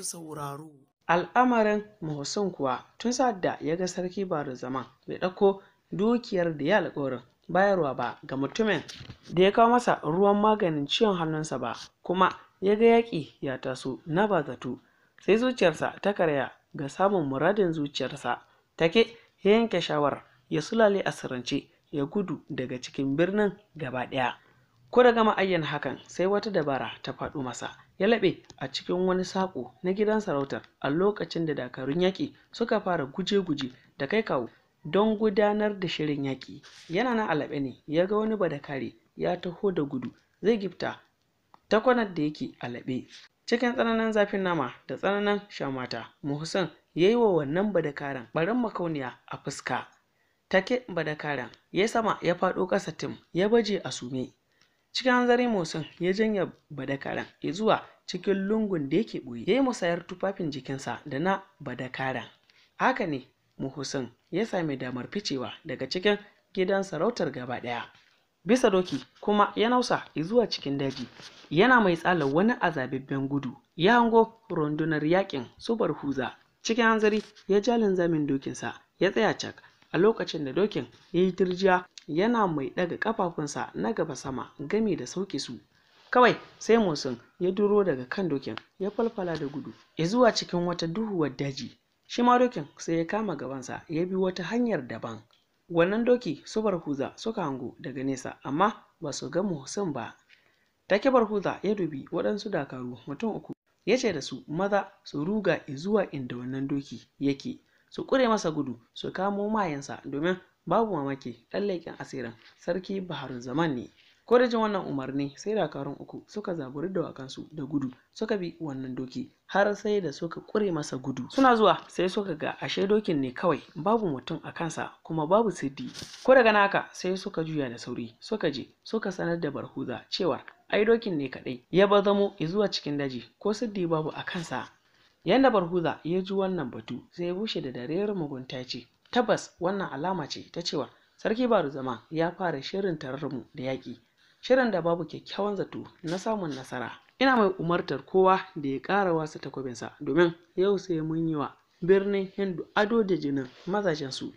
masu sauraro. Al'amarin Muhsin kuwa tun da ya ga sarki ba da zama bai ɗauko dukiyar da ya alƙawarin bayarwa ba ga mutumin da ya kawo masa ruwan maganin ciwon hannunsa ba kuma ya ga yaƙi ya taso na bazatu sai zuciyarsa ta karya ga samun muradin zuciyarsa take ya yanke shawar ya sulale a sirrance ya gudu daga cikin birnin gaba ɗaya. ko da gama ayyana hakan sai wata dabara ta faɗo masa ya laɓe a cikin wani saƙo na gidan sarautar a lokacin da dakarun yaƙi suka fara guje-guje da kai kawo don gudanar da shirin yaƙi yana na alaɓe ne ya ga wani badakare ya taho da gudu zai gifta takwanar da yake alaɓe cikin tsananin zafin nama da tsananin shamata muhsin ya yi wa wannan badakaren ɓarin makauniya a fuska take badakaren ya sama ya faɗo ƙasa tim ya baje a sume cikin hanzari motsin ya janya badakaran ya zuwa cikin lungun da yake ɓoye ya yi musayar tufafin jikinsa da na badakaran haka ne muhusin ya sami damar ficewa daga cikin gidan sarautar gaba ɗaya bisa doki kuma ya nausa zuwa cikin daji yana mai tsala wani azabibben gudu ya hango rundunar yakin subar huza cikin hanzari ya ja linzamin dokinsa ya tsaya cak a lokacin da dokin ya yi turjiya yana mai ɗaga ƙafafunsa na gaba sama gami da sauke su kawai sai musun ya duro daga kan dokin ya falfala da gudu ya zuwa cikin wata duhuwar daji shi ma dokin sai ya kama gabansa ya bi wata hanyar daban wannan doki su barhuza suka hango daga nesa amma ba su ga musun ba take barhuza ya dubi waɗansu dakaru mutum uku ya ce da su maza su ruga zuwa inda wannan doki yake su kure masa gudu su kamo mayansa domin babu mamaki ɗan leƙen asirin sarki baharun zaman ne ko da jin wannan umarni sai dakarun uku suka zaburi su da gudu suka bi wannan doki har sai da suka ƙure masa gudu suna zuwa sai suka ga ashe dokin ne kawai babu mutum a kansa kuma babu siddi ko daga naka sai suka juya da sauri suka je suka sanar da barhuza cewa ai dokin ne kaɗai ya ba zamo zuwa cikin daji ko siddi babu a kansa yanda barhuza ya ji wannan batu sai ya bushe da dariyar mugunta tabbas wannan alama ce ta cewa sarki zama ya fara shirin tararmu da yaƙi shirin da babu kyakkyawan zato na samun nasara ina mai umartar kowa da ya ƙara wasu takobinsa domin yau sai mun yi wa birnin hindu ado da jinin mazajensu.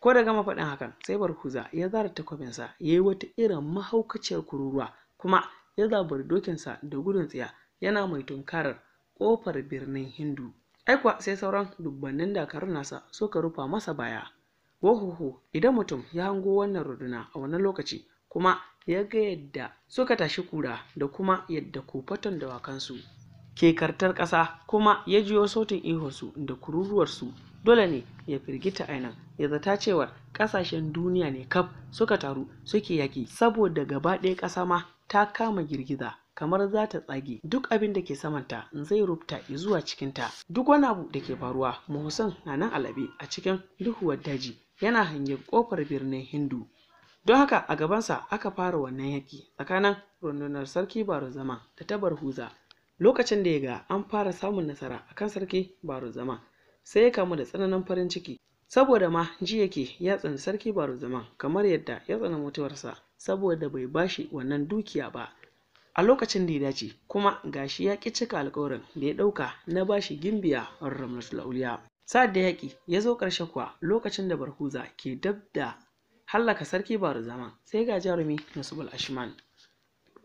ko da gama faɗin hakan sai barkuza ya zara takwabinsa ya yi wata irin mahaukaciyar kururuwa kuma ya zabar dokinsa da gudun tsiya yana mai tunkarar ƙofar birnin hindu kuwa sai sauran dubbannin dakarun nasa suka rufa masa baya. Wahuhu idan mutum ya hango wannan runduna a wannan lokaci kuma ya ga yadda suka tashi kura da kuma yadda kofaton wakansu ke kartar ƙasa kuma ya jiyo sautin ihonsu da kururuwarsu dole ne ya firgita aina, ya zata cewar ƙasashen duniya ne kaf suka taru suke yaƙi saboda gaba ɗaya ƙasa ma ta kama girgiza kamar za ta tsage duk abin da ke samanta zai rubuta zuwa cikinta duk wani abu da ke faruwa muhsan na nan alabe a cikin duhuwar daji yana hanyar kofar birnin hindu don haka a gabansa aka fara wannan yaki tsakanin rundunar sarki zama da tabar huza lokacin da ya ga an fara samun nasara akan sarki zama sai ya kamu da tsananin farin ciki saboda ma ji yake ya tsani sarki zama kamar yadda ya tsani mutuwarsa saboda bai bashi wannan dukiya ba a lokacin da ya dace kuma gashi ya ki cika alkawarin da ya ɗauka na bashi gimbiya ramlatul auliya sa'ad da yaƙi ya zo ƙarshe kuwa lokacin da barhuza ke dab da hallaka sarki baru zaman sai ga jarumi nasubul ashman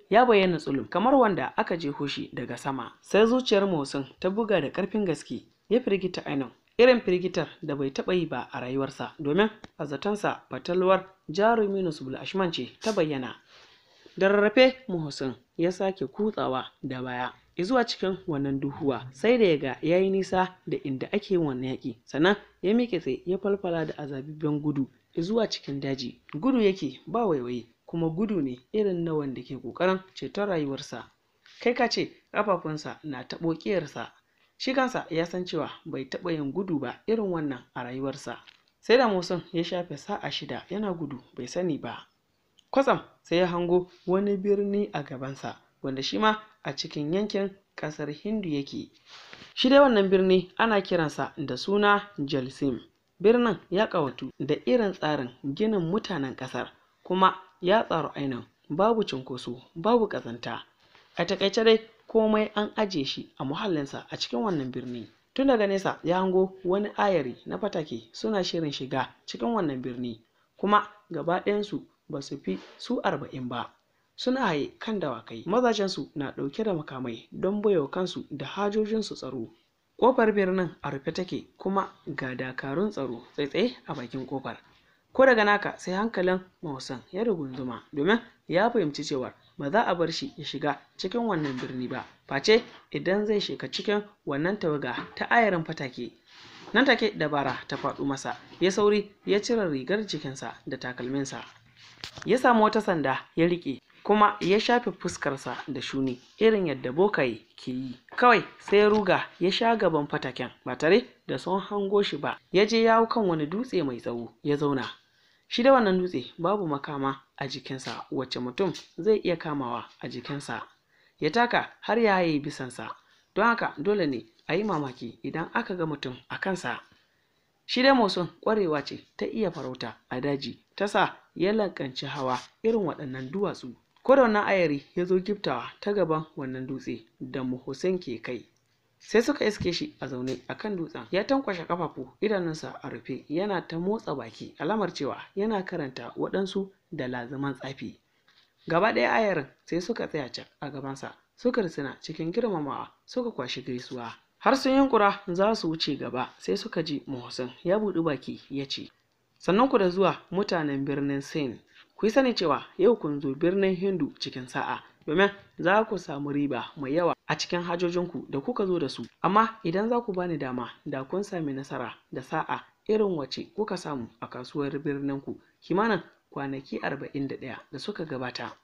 ya bayyana tsulum kamar wanda aka je hoshi daga sama sai zuciyar motsin ta buga da karfin gaske ya firgita ainihin irin firgitar da bai taɓa yi ba a rayuwarsa domin a zatonsa fatalwar jarumi nasubul ashman ce ta bayyana da rarrafe muhusin ya sake kutsawa da baya zuwa cikin wannan duhuwa sai da ya ga ya yi nisa da inda ake wannan yaƙi sannan ya miƙe tsaye ya falfala da azabibben gudu zuwa cikin daji gudu yake ba waiwaye kuma gudu ne irin na wanda ke ƙoƙarin ceton rayuwarsa kai ka ce ƙafafunsa na taɓo ƙiyarsa shi kansa ya san cewa bai taɓa yin gudu ba irin wannan a rayuwarsa sai da musun ya shafe sa'a shida yana gudu bai sani ba kwatsam sai ya hango wani birni a gabansa wanda shi ma a cikin yankin ƙasar hindu yake shi dai wannan birni ana kiransa da suna jalsim birnin ya ƙawatu da irin tsarin ginin mutanen ƙasar kuma ya tsaro ainihin babu cunkoso babu ƙazanta a takaice dai komai an aje shi a muhallinsa a cikin wannan birni tun daga nesa ya hango wani ayari na fatake suna shirin shiga cikin wannan birni kuma gaba ɗayansu ba su fi su arba'in ba suna haye kan dawakai mazajensu na ɗauke da makamai don baiwa kansu da hajojinsu tsaro Kofar birnin a rufe take kuma ga dakarun tsaro tsaitsaye a bakin kofar. ko daga naka sai hankalin mausan ya rugunzuma domin ya fahimci cewar ba za a bar shi ya shiga cikin wannan birni ba face idan zai shiga cikin wannan tawaga ta ayarin fatake nan take dabara ta faɗo masa ya sauri ya cire rigar jikinsa da takalminsa ya samu wata sanda ya riƙe kuma ya shafe fuskarsa da shuni irin yadda bokaye ke yi kawai sai ruga ya sha gaban fataken ba tare da sun hango shi ba ya je yawo kan wani dutse mai tsawo ya zauna shi da wannan dutse babu makama a jikinsa wacce mutum zai iya kamawa a jikinsa ya taka har ya yi bisansa don haka dole ne a yi mamaki idan aka ga mutum a kansa shi da motsin ƙwarewa ce ta iya farauta a daji ta sa ya lankanci hawa irin waɗannan duwatsu ko ayari ya zo giftawa ta gaban wannan dutse da muhusin ke kai sai suka iske shi a zaune a kan dutsen ya tankwashe ƙafafu idanunsa a rufe yana ta motsa baki alamar cewa yana karanta waɗansu da lazaman tsafi gaba ɗaya ayarin sai suka tsaya can a gabansa suka risina cikin girmamawa suka kwashi gaisuwa har sun yunkura za su wuce gaba sai suka ji muhusin ya buɗi baki ya ce sannan ku da zuwa mutanen birnin sin ku yi sani cewa yau kun zo birnin hindu cikin sa'a domin za ku samu riba mai yawa a cikin hajojinku da kuka zo da su amma idan za ku bani dama da kun sami nasara da sa'a irin wace kuka samu a kasuwar birnin ku kimanin kwanaki arba'in da ɗaya da suka gabata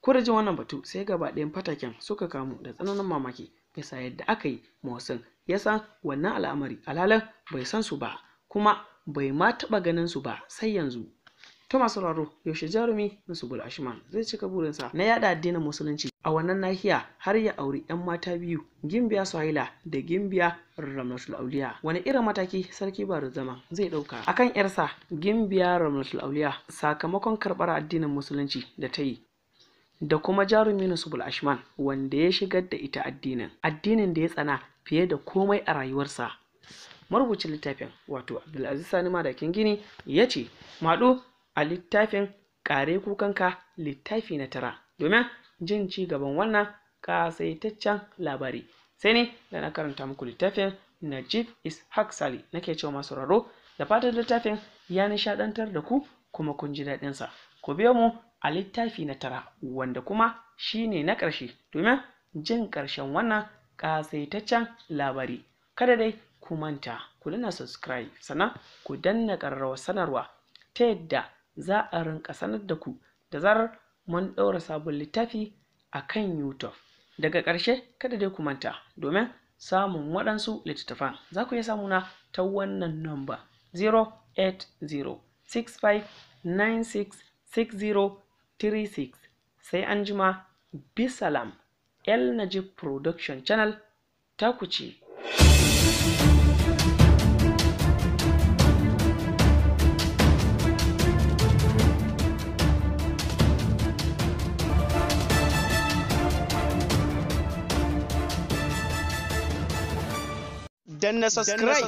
ku da wannan batu sai gaba ɗayan fataken suka kamu da tsananin mamaki bisa yadda aka yi Mohsin ya san wannan al'amari alhalin bai san su ba kuma bai ma taɓa ganin su ba sai yanzu Thomas Sauraro yaushe jarumi Musubul Ashman zai cika burinsa na yada addinin musulunci a wannan nahiya har ya auri 'yan mata biyu Gimbiya Suhaila da Gimbiya Ramlatul Auliya wani irin mataki sarki Baru Zama zai dauka akan yarsa Gimbiya Ramlatul Auliya sakamakon karbar addinin musulunci da ta yi da kuma jarumi Nusubul Ashman wanda ya shigar da ita addinin addinin da ya tsana fiye da komai a rayuwarsa marubucin littafin wato abdulaziz sani ma kin gini ya ce maɗu a littafin kare kukanka littafi na tara domin jin ci gaban wannan kasaitaccen labari sai ne da na karanta muku littafin najib ishaq sali nake cewa masu raro da fatan littafin ya nishaɗantar da ku kuma kun ji daɗinsa ku biyo mu a littafi na tara wanda kuma shine na ƙarshe domin jin ƙarshen wannan kasaitaccen labari kada dai ku manta ku danna subscribe sannan ku danna ƙararrawar sanarwa ta yadda za a rinka sanar da ku da zarar mun ɗaura sabon littafi a kan youtube daga ƙarshe kada dai ku manta domin samun waɗansu littattafan za ku iya samuna ta wannan namba 080 36 sai an jima bisalam el najib production channel ta ku danna subscribe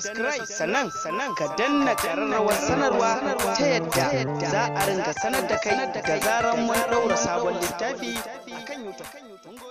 sannan sannan ka danna karrawar sanarwa ta yadda za a ringa sanar da kai da zaran mun daura sabon littafi akan YouTube